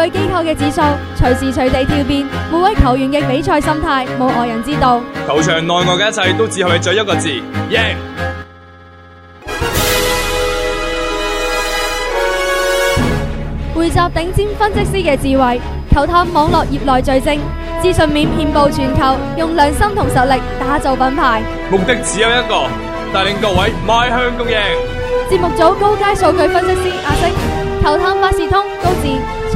對機構嘅指數隨時隨地跳變，每位球員嘅比賽心態冇外人知道。球場內外嘅一切都只可以再一個字：贏。匯集頂尖分析師嘅智慧，球探網絡業內最精，資訊面遍布全球，用良心同實力打造品牌。目的只有一個，帶領各位邁向共贏。節目組高階數據分析師阿星，球探萬事通。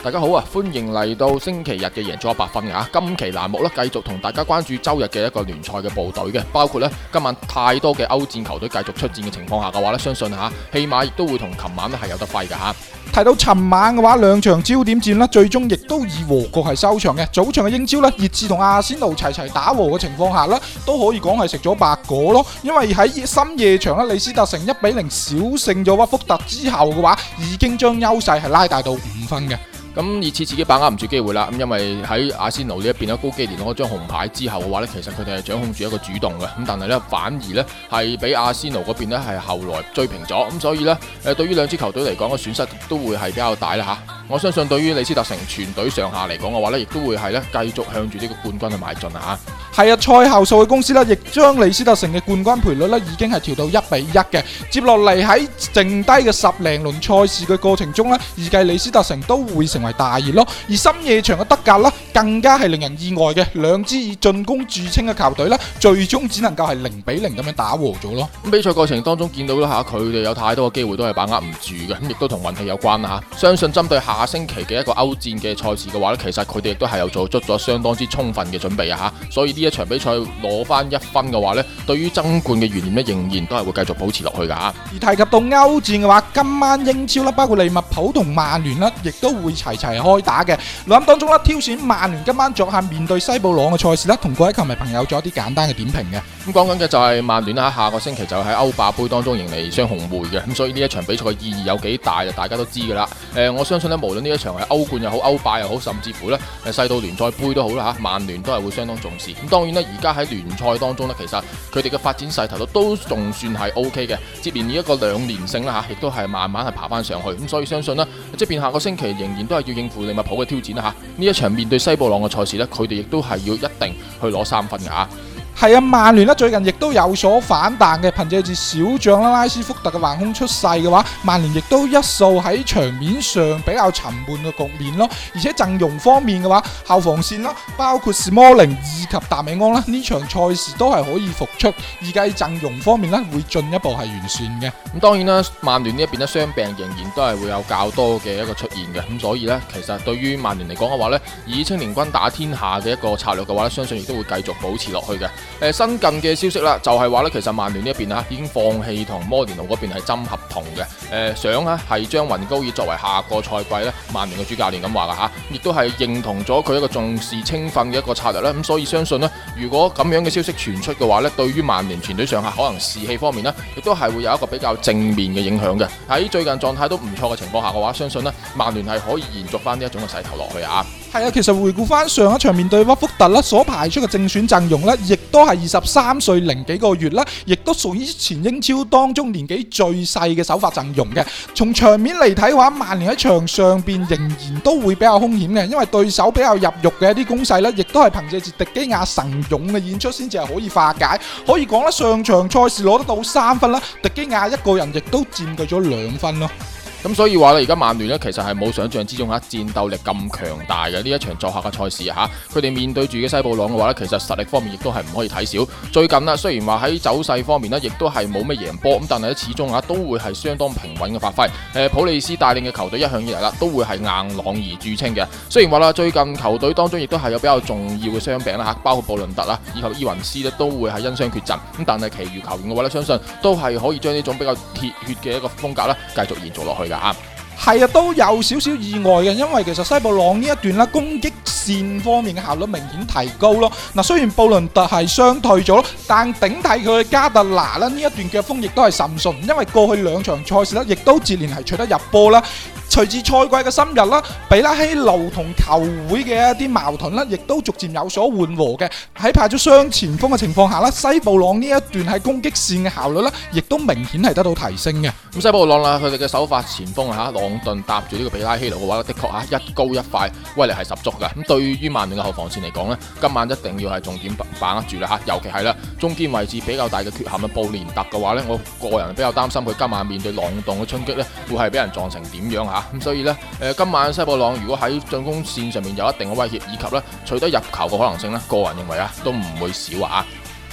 大家好啊！歡迎嚟到星期日嘅贏足一百分啊。今期欄目咧繼續同大家關注周日嘅一個聯賽嘅部隊嘅，包括呢今晚太多嘅歐戰球隊繼續出戰嘅情況下嘅話呢，相信吓、啊、起碼亦都會同琴晚咧係有得揮嘅吓。提到琴晚嘅話，兩場焦點戰呢，最終亦都以和局係收場嘅。早場嘅英超呢，熱刺同阿仙奴齊齊打和嘅情況下呢，都可以講係食咗白果咯，因為喺深夜場呢，李斯特城一比零小勝咗屈福特之後嘅話，已經將優勢係拉大到五分嘅。咁以次自己把握唔住機會啦，咁因為喺阿仙奴呢一邊高基連攞咗張紅牌之後嘅話呢，其實佢哋係掌控住一個主動嘅，咁但係呢，反而呢係俾阿仙奴嗰邊呢係後來追平咗，咁所以呢，誒對於兩支球隊嚟講嘅損失都會係比較大啦，嚇，我相信對於李斯特城全隊上下嚟講嘅話呢，亦都會係呢繼續向住呢個冠軍去邁進啊！係啊，賽後數據公司呢亦將李斯特城嘅冠軍賠率呢已經係調到一比一嘅。接落嚟喺剩低嘅十零輪賽事嘅過程中呢，預計李斯特城都會成為大熱咯。而深夜場嘅德甲呢，更加係令人意外嘅。兩支以進攻著稱嘅球隊呢，最終只能夠係零比零咁樣打和咗咯。比賽過程當中見到咧下，佢哋有太多嘅機會都係把握唔住嘅，咁亦都同運氣有關吓、啊。相信針對下星期嘅一個歐戰嘅賽事嘅話呢，其實佢哋亦都係有做出咗相當之充分嘅準備啊吓，所以呢一場比賽攞翻一分嘅話咧，對於爭冠嘅懸念咧，仍然都係會繼續保持落去㗎嚇。而提及到歐戰嘅話，今晚英超啦，包括利物浦同曼聯啦，亦都會齊齊開打嘅。諗當中啦，挑選曼聯今晚作客面對西布朗嘅賽事啦，同各位球迷朋友做一啲簡單嘅點評嘅。咁講緊嘅就係曼聯啦，下個星期就喺歐霸杯當中迎嚟雙紅會嘅，咁所以呢一場比賽嘅意義有幾大就大家都知㗎啦。誒、呃，我相信咧，無論呢一場係歐冠又好、歐霸又好，甚至乎咧誒世盃聯賽杯都好啦嚇，曼聯都係會相當重視。當然咧，而家喺聯賽當中咧，其實佢哋嘅發展勢頭都都仲算係 O K 嘅，即便呢一個兩連勝啦吓，亦都係慢慢係爬翻上去。咁所以相信咧，即便下個星期仍然都係要應付利物浦嘅挑戰吓。呢一場面對西布朗嘅賽事咧，佢哋亦都係要一定去攞三分噶吓。係啊，曼聯咧，最近亦都有所反彈嘅，憑借住小將啦，拉斯福特嘅橫空出世嘅話，曼聯亦都一掃喺場面上比較沉悶嘅局面咯。而且陣容方面嘅話，後防線啦，包括 Smalling、及達米安啦，呢場賽事都係可以復出。而家陣容方面呢，會進一步係完善嘅。咁當然啦，曼聯呢一邊咧傷病仍然都係會有較多嘅一個出現嘅。咁所以呢，其實對於曼聯嚟講嘅話呢，以青年軍打天下嘅一個策略嘅話呢，相信亦都會繼續保持落去嘅。誒、呃，新近嘅消息啦，就係話呢，其實曼聯呢一邊啊，已經放棄同摩連奴嗰邊係針合同嘅。誒、呃，想啊係將雲高爾作為下個賽季呢曼聯嘅主教練咁話噶吓，亦都係認同咗佢一個重視青訓嘅一個策略啦。咁所以相相信咧，如果咁樣嘅消息傳出嘅話咧，對於曼聯全隊上下可能士氣方面咧，亦都係會有一個比較正面嘅影響嘅。喺最近狀態都唔錯嘅情況下嘅話，相信咧，曼聯係可以延續翻呢一種嘅勢頭落去啊！係啊，其實回顧翻上一場面對屈福特啦，所排出嘅正選陣容咧，亦都係二十三歲零幾個月啦，亦都屬於前英超當中年紀最細嘅首發陣容嘅。從場面嚟睇嘅話，曼聯喺場上邊仍然都會比較兇險嘅，因為對手比較入肉嘅一啲攻勢咧，亦都係憑借住迪基亞神勇嘅演出先至係可以化解。可以講咧，上場賽事攞得到三分啦，迪基亞一個人亦都佔據咗兩分咯。咁所以話咧，而家曼聯呢，其實係冇想象之中吓戰鬥力咁強大嘅。呢一場作客嘅賽事吓，啊，佢哋面對住嘅西布朗嘅話呢，其實實力方面亦都係唔可以睇少。最近啦，雖然話喺走勢方面呢，亦都係冇咩贏波，咁但係始終啊，都會係相當平穩嘅發揮。呃，普利斯帶領嘅球隊一向以嚟，啦，都會係硬朗而著稱嘅。雖然話啦，最近球隊當中亦都係有比較重要嘅傷病啦吓，包括布倫特啦以及伊雲斯呢，都會係因傷缺陣，咁但係其餘球員嘅話呢，相信都係可以將呢種比較鐵血嘅一個風格呢，繼續延續落去。係啊，都有少少意外嘅，因為其實西布朗呢一段啦，攻擊線方面嘅效率明顯提高咯。嗱，雖然布倫特係傷退咗，但頂替佢嘅加特拿咧呢一段腳風亦都係甚順，因為過去兩場賽事咧亦都接連係取得入波啦。隨住賽季嘅深入啦，比拉希路同球會嘅一啲矛盾咧亦都逐漸有所緩和嘅。喺派咗雙前鋒嘅情況下啦，西布朗呢一段喺攻擊線嘅效率咧亦都明顯係得到提升嘅。咁西布朗啦，佢哋嘅首發前鋒啊吓，朗頓搭住呢個比拉希路嘅話，的確吓一高一快，威力係十足嘅。咁對。對於曼聯嘅後防線嚟講呢，今晚一定要係重點把握住啦，吓，尤其係啦，中間位置比較大嘅缺陷嘅布連特嘅話呢，我個人比較擔心佢今晚面對朗動嘅衝擊咧，會係俾人撞成點樣吓？咁所以呢，今晚西布朗如果喺進攻線上面有一定嘅威脅，以及呢取得入球嘅可能性咧，個人認為啊，都唔會少啊。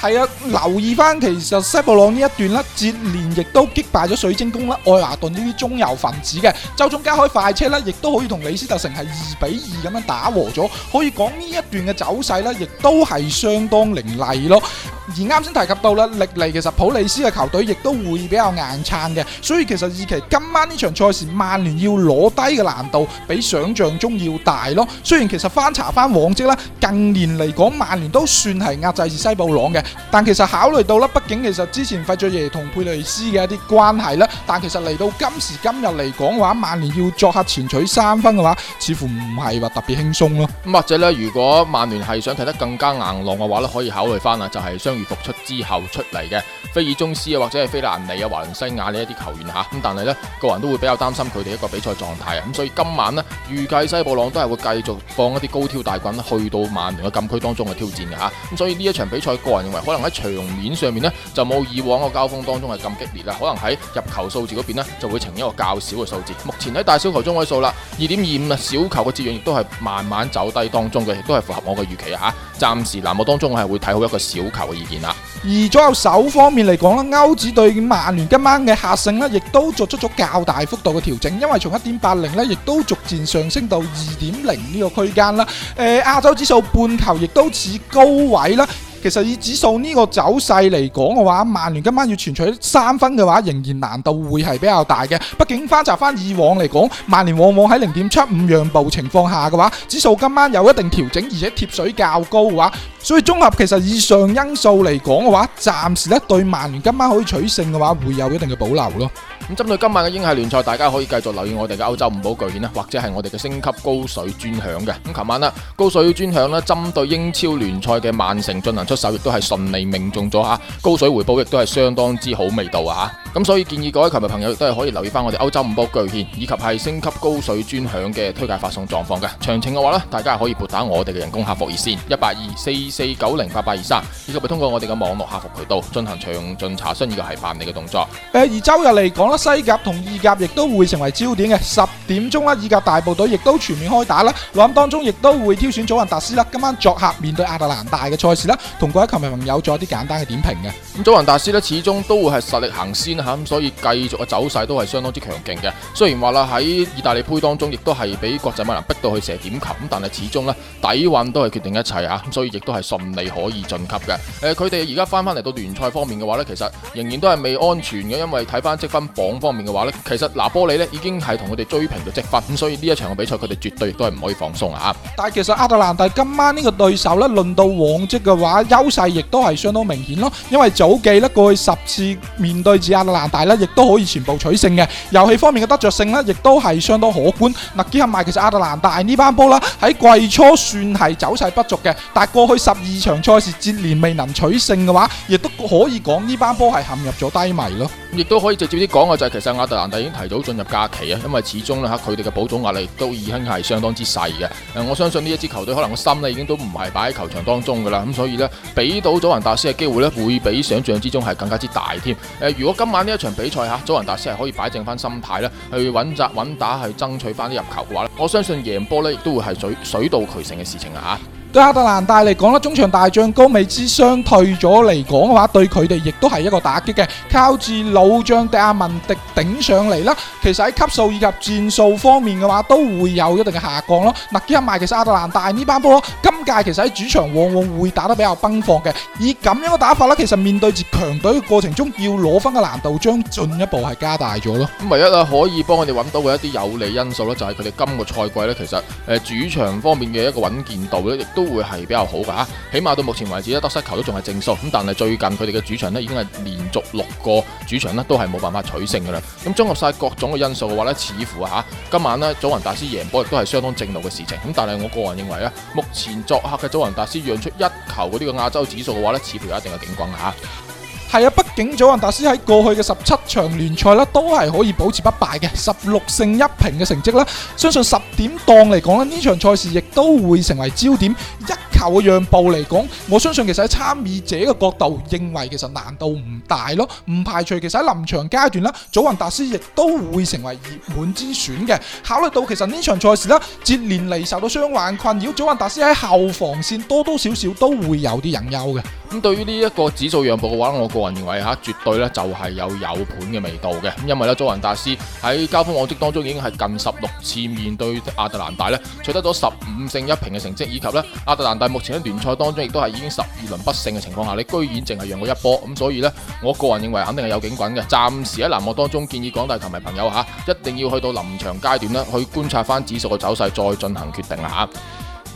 係啊，留意翻其實西布朗呢一段呢接連亦都擊敗咗水晶宮啦、愛華頓呢啲中游分子嘅，周中加開快車呢亦都可以同李斯特城係二比二咁樣打和咗，可以講呢一段嘅走勢呢亦都係相當凌厲咯。而啱先提及到啦，歷嚟其實普里斯嘅球隊亦都會比較硬撐嘅，所以其實二期今晚呢場賽事，曼聯要攞低嘅難度比想象中要大咯。雖然其實翻查翻往績啦，近年嚟講曼聯都算係壓制住西布朗嘅。但其實考慮到啦，畢竟其實之前費爵爺同佩雷斯嘅一啲關係啦，但其實嚟到今時今日嚟講嘅話，曼聯要作客前取三分嘅話，似乎唔係話特別輕鬆咯。咁或者呢，如果曼聯係想踢得更加硬朗嘅話呢，可以考慮翻啊，就係傷愈復出之後出嚟嘅菲爾鍾斯啊，或者係菲蘭尼啊、華倫西亞呢一啲球員嚇咁。但係呢，個人都會比較擔心佢哋一個比賽狀態啊。咁所以今晚呢，預計西布朗都係會繼續放一啲高挑大棍去到曼聯嘅禁區當中嘅挑戰嘅嚇咁。所以呢一場比賽，個人。可能喺場面上面呢，就冇以往個交鋒當中係咁激烈啦。可能喺入球數字嗰邊咧，就會呈一個較少嘅數字。目前喺大小球中位數啦，二點二五啦，小球嘅節量亦都係慢慢走低當中嘅，亦都係符合我嘅預期啊！暫時欄目當中，我係會睇好一個小球嘅意見啦。而左右手方面嚟講咧，歐指對曼聯今晚嘅客勝呢，亦都作出咗較大幅度嘅調整，因為從一點八零呢，亦都逐漸上升到二點零呢個區間啦。誒亞洲指數半球亦都似高位啦。其實以指數呢個走勢嚟講嘅話，曼聯今晚要全取三分嘅話，仍然難度會係比較大嘅。畢竟翻查翻以往嚟講，曼聯往往喺零點七五讓步情況下嘅話，指數今晚有一定調整，而且貼水較高嘅話，所以綜合其實以上因素嚟講嘅話，暫時咧對曼聯今晚可以取勝嘅話，會有一定嘅保留咯。咁針對今晚嘅英系聯賽，大家可以繼續留意我哋嘅歐洲五寶巨獻啦，或者係我哋嘅升級高水專享嘅。咁琴晚啦，高水專享咧，針對英超聯賽嘅曼城進行出手，亦都係順利命中咗嚇，高水回報亦都係相當之好味道嚇。咁所以建議各位球迷朋友亦都係可以留意翻我哋歐洲五寶巨獻以及係升級高水專享嘅推介發送狀況嘅。詳情嘅話咧，大家可以撥打我哋嘅人工客服熱線一八二四四九零八八二三，以及係通過我哋嘅網絡客服渠道進行詳盡查詢以及係辦理嘅動作。而、欸、週日嚟講西甲同意甲亦都會成為焦點嘅，十點鐘啦，意甲大部隊亦都全面開打啦。諗當中亦都會挑選祖雲達斯啦，今晚作客面對亞特蘭大嘅賽事啦，同各位球迷朋友做一啲簡單嘅點評嘅。咁祖雲達斯呢，始終都會係實力行先吓，咁所以繼續嘅走勢都係相當之強勁嘅。雖然話啦，喺意大利杯當中亦都係俾國際米蘭逼到去射點球，咁但係始終呢，底蘊都係決定一切啊，咁所以亦都係順利可以晉級嘅。誒、呃，佢哋而家翻翻嚟到聯賽方面嘅話呢，其實仍然都係未安全嘅，因為睇翻積分榜。港方面嘅話呢，其實拿波利咧已經係同佢哋追平咗積分，咁所以呢一場嘅比賽佢哋絕對都係唔可以放鬆啦！但係其實亞特蘭大今晚呢個對手呢，論到往績嘅話，優勢亦都係相當明顯咯。因為早記呢，過去十次面對住亞特蘭大呢，亦都可以全部取勝嘅，遊戲方面嘅得着性呢，亦都係相當可觀。嗱，結合埋其實亞特蘭大這班球呢班波啦，喺季初算係走勢不俗嘅，但過去十二場賽事接連未能取勝嘅話，亦都可以講呢班波係陷入咗低迷咯。亦都可以直接啲講嘅就係，其實亞特蘭大已經提早進入假期啊，因為始終吓佢哋嘅保種壓力都已經係相當之細嘅。誒，我相信呢一支球隊可能個心咧已經都唔係擺喺球場當中噶啦，咁所以呢，俾到祖雲達斯嘅機會呢，會比想象之中係更加之大添。誒，如果今晚呢一場比賽吓祖雲達斯係可以擺正翻心態咧，去穩紮穩打去爭取翻啲入球嘅話咧，我相信贏波呢亦都會係水水到渠成嘅事情啊！吓。對亞特蘭大嚟講，中場大將高美之傷退咗嚟講嘅話，對佢哋亦都係一個打擊嘅。靠住老將迪亞文迪頂上嚟啦，其實喺級數以及戰術方面嘅話，都會有一定嘅下降咯。嗱，兼埋其實亞特蘭大呢班波，今屆其實喺主場往往會打得比較奔放嘅。以咁樣嘅打法，其實面對住強隊嘅過程中，要攞分嘅難度將進一步係加大咗咯。咁唯一啊，可以幫我哋揾到嘅一啲有利因素，就係佢哋今個賽季咧，其實誒、呃、主場方面嘅一個穩健度呢亦都。都會係比較好噶吓，起碼到目前為止咧，得失球都仲係正數，咁但係最近佢哋嘅主場咧，已經係連續六個主場咧都係冇辦法取勝噶啦，咁綜合晒各種嘅因素嘅話呢，似乎吓今晚呢，祖雲達斯贏波亦都係相當正路嘅事情，咁但係我個人認為咧，目前作客嘅祖雲達斯讓出一球嗰啲嘅亞洲指數嘅話呢，似乎有一定嘅警棍吓。係啊，畢竟祖云達斯喺過去嘅十七場聯賽啦，都係可以保持不敗嘅，十六勝一平嘅成績啦。相信十點檔嚟講啦，呢場賽事亦都會成為焦點。一球嘅讓步嚟講，我相信其實喺參與者嘅角度認為，其實難度唔大咯。唔排除其實喺臨場階段啦，祖云達斯亦都會成為熱門之選嘅。考慮到其實呢場賽事啦，接連嚟受到傷患困擾，祖云達斯喺後防線多多少少都會有啲隱憂嘅。咁對於呢一個指數讓步嘅話，我個人認為嚇，絕對就係有有盤嘅味道嘅。因為呢祖雲達斯喺交鋒往績當中已經係近十六次面對亞特蘭大呢取得咗十五勝一平嘅成績，以及咧亞特蘭大目前喺聯賽當中亦都係已經十二輪不勝嘅情況下，你居然淨係讓過一波。咁所以呢，我個人認為肯定係有景轟嘅。暫時喺欄目當中建議廣大球迷朋友吓一定要去到臨場階段呢去觀察翻指數嘅走勢，再進行決定啦。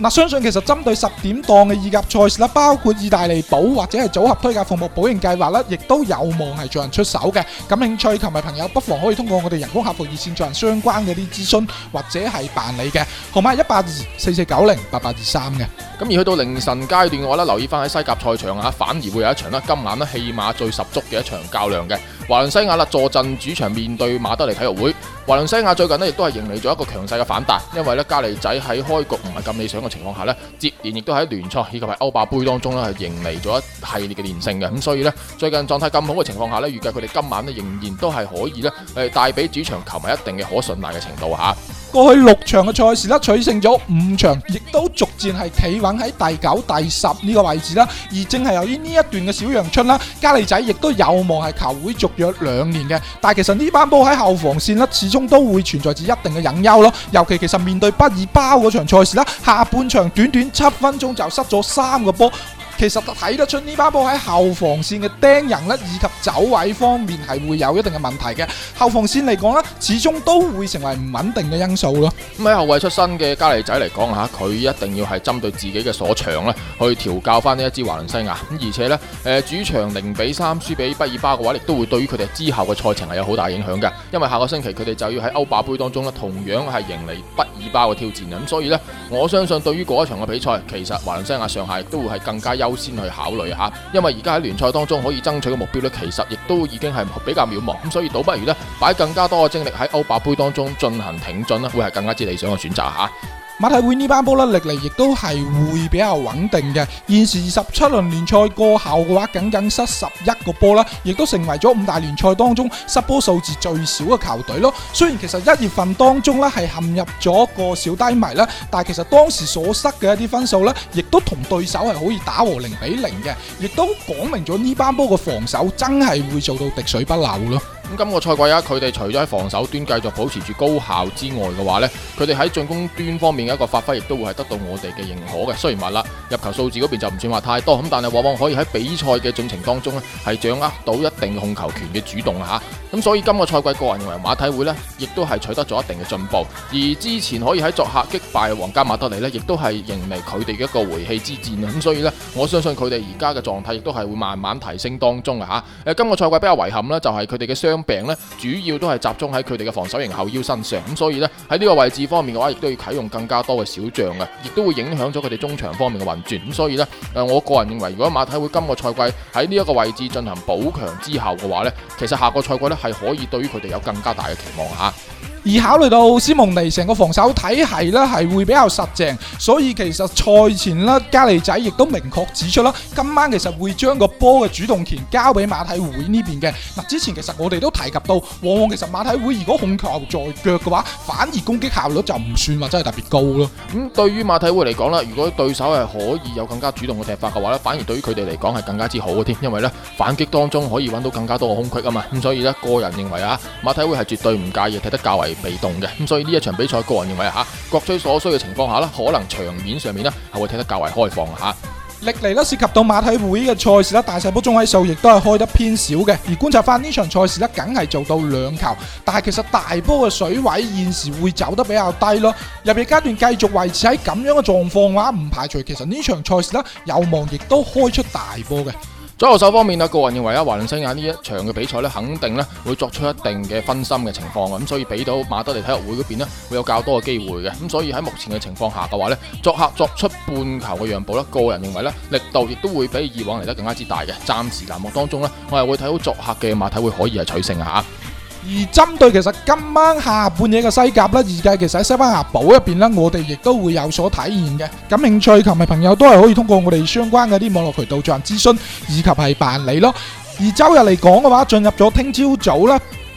嗱，相信其實針對十點檔嘅意甲賽事啦，包括意大利保或者係組合推介服務保贏計劃啦，亦都有望係有人出手嘅。感興趣嘅球迷朋友不妨可以通過我哋人工客服熱線進行相關嘅啲諮詢或者係辦理嘅，號碼係一八二四四九零八八二三嘅。咁而去到凌晨階段嘅話咧，留意翻喺西甲賽場啊，反而會有一場啦，今晚啦戲碼最十足嘅一場較量嘅。華倫西亞啦坐鎮主場面對馬德里體育會，華倫西亞最近咧亦都係迎嚟咗一個強勢嘅反彈，因為咧加利仔喺開局唔係咁理想嘅情況下咧，接連亦都喺聯賽以及係歐霸杯當中咧係迎嚟咗一系列嘅連勝嘅，咁所以呢，最近狀態咁好嘅情況下咧，預計佢哋今晚咧仍然都係可以咧誒帶俾主場球迷一定嘅可信賴嘅程度吓。過去六場嘅賽事啦，取勝咗五場，亦都逐漸係企穩喺第九、第十呢個位置啦。而正係由於呢一段嘅小陽春啦，加利仔亦都有望係球會續約兩年嘅。但係其實呢班波喺後防線呢，始終都會存在住一定嘅隱憂咯。尤其其實面對不二包嗰場賽事啦，下半場短短七分鐘就失咗三個波。其實睇得出呢把波喺後防線嘅釘人呢，以及走位方面係會有一定嘅問題嘅。後防線嚟講呢，始終都會成為唔穩定嘅因素咯、嗯。咁喺後衞出身嘅加利仔嚟講嚇，佢一定要係針對自己嘅所長去調教翻呢一支華倫西亞。咁而且呢，呃、主場零比三輸俾畢爾巴嘅話，亦都會對於佢哋之後嘅賽程係有好大影響嘅。因為下個星期佢哋就要喺歐霸杯當中同樣係迎嚟畢爾巴嘅挑戰。咁所以呢，我相信對於嗰一場嘅比賽，其實華倫西亞上下都會係更加優先去考慮下，因為而家喺聯賽當中可以爭取嘅目標呢，其實亦都已經係比較渺茫，咁所以倒不如呢擺更加多嘅精力喺歐霸盃當中進行挺進啦，會係更加之理想嘅選擇吓。馬體會呢班波呢歷嚟亦都係會比較穩定嘅。現時十七輪聯賽過後嘅話，僅僅失十一個波啦，亦都成為咗五大聯賽當中失波數字最少嘅球隊咯。雖然其實一月份當中呢係陷入咗個小低迷啦，但係其實當時所失嘅一啲分數呢，亦都同對手係可以打和零比零嘅，亦都講明咗呢班波嘅防守真係會做到滴水不漏咯。咁、這、今個賽季啊，佢哋除咗喺防守端繼續保持住高效之外嘅話呢，佢哋喺進攻端方面嘅一個發揮，亦都會係得到我哋嘅認可嘅。雖然話啦，入球數字嗰邊就唔算話太多，咁但係往往可以喺比賽嘅進程當中咧，係掌握到一定控球權嘅主動吓。咁所以今、這個賽季個人認為馬體會呢亦都係取得咗一定嘅進步。而之前可以喺作客擊敗皇家馬德里呢，亦都係迎嚟佢哋嘅一個回氣之戰。咁所以呢，我相信佢哋而家嘅狀態亦都係會慢慢提升當中吓。今、這個賽季比較遺憾呢，就係佢哋嘅雙。病咧，主要都係集中喺佢哋嘅防守型後腰身上，咁所以咧喺呢個位置方面嘅話，亦都要啟用更加多嘅小將嘅，亦都會影響咗佢哋中場方面嘅運轉，咁所以咧，誒我個人認為，如果馬體會今個賽季喺呢一個位置進行補強之後嘅話咧，其實下個賽季咧係可以對於佢哋有更加大嘅期望吓。而考慮到斯蒙尼成個防守體系呢係會比較實淨，所以其實賽前呢，加利仔亦都明確指出啦，今晚其實會將個波嘅主動權交俾馬體會呢邊嘅。嗱，之前其實我哋都提及到，往往其實馬體會如果控球在腳嘅話，反而攻擊效率就唔算話真係特別高咯。咁、嗯、對於馬體會嚟講啦，如果對手係可以有更加主動嘅踢法嘅話呢，反而對於佢哋嚟講係更加之好嘅添，因為呢反擊當中可以揾到更加多嘅空隙啊嘛。咁所以呢，個人認為啊，馬體會係絕對唔介意踢得較為被動嘅。咁，所以呢一場比賽，個人認為啊，各取所需嘅情況下，可能場面上面咧係會踢得較為開放吓。歷嚟涉及到馬體會嘅賽事咧，大細波中位數亦都係開得偏少嘅。而觀察翻呢場賽事咧，梗係做到兩球，但係其實大波嘅水位現時會走得比較低咯。入夜階段繼續維持喺咁樣嘅狀況嘅話，唔排除其實呢場賽事咧，有望亦都開出大波嘅。左右手方面啊，個人認為啊，華倫西亞呢一場嘅比賽咧，肯定咧會作出一定嘅分心嘅情況啊，咁所以俾到馬德里體育會嗰邊咧會有較多嘅機會嘅，咁所以喺目前嘅情況下嘅話咧，作客作出半球嘅讓步咧，個人認為咧力度亦都會比以往嚟得更加之大嘅，暫時欄目當中咧，我係會睇到作客嘅馬體會可以係取勝啊吓。而針對其實今晚下半夜嘅西甲咧，而家其實喺西班牙堡入面呢，我哋亦都會有所體現嘅。感興趣球迷埋朋友都係可以通過我哋相關嘅啲網絡渠道進行諮詢以及係辦理咯。而周日嚟講嘅話，進入咗聽朝早啦。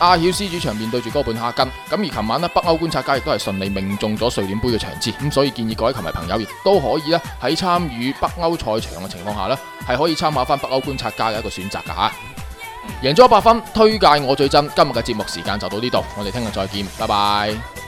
阿曉施主場面對住哥本哈根，咁而琴晚呢，北歐觀察家亦都係順利命中咗瑞典杯嘅場次。咁所以建議各位球迷朋友亦都可以呢，喺參與北歐賽場嘅情況下呢，係可以參考翻北歐觀察家嘅一個選擇噶吓，贏咗八分，推介我最真，今日嘅節目時間就到呢度，我哋聽日再見，拜拜。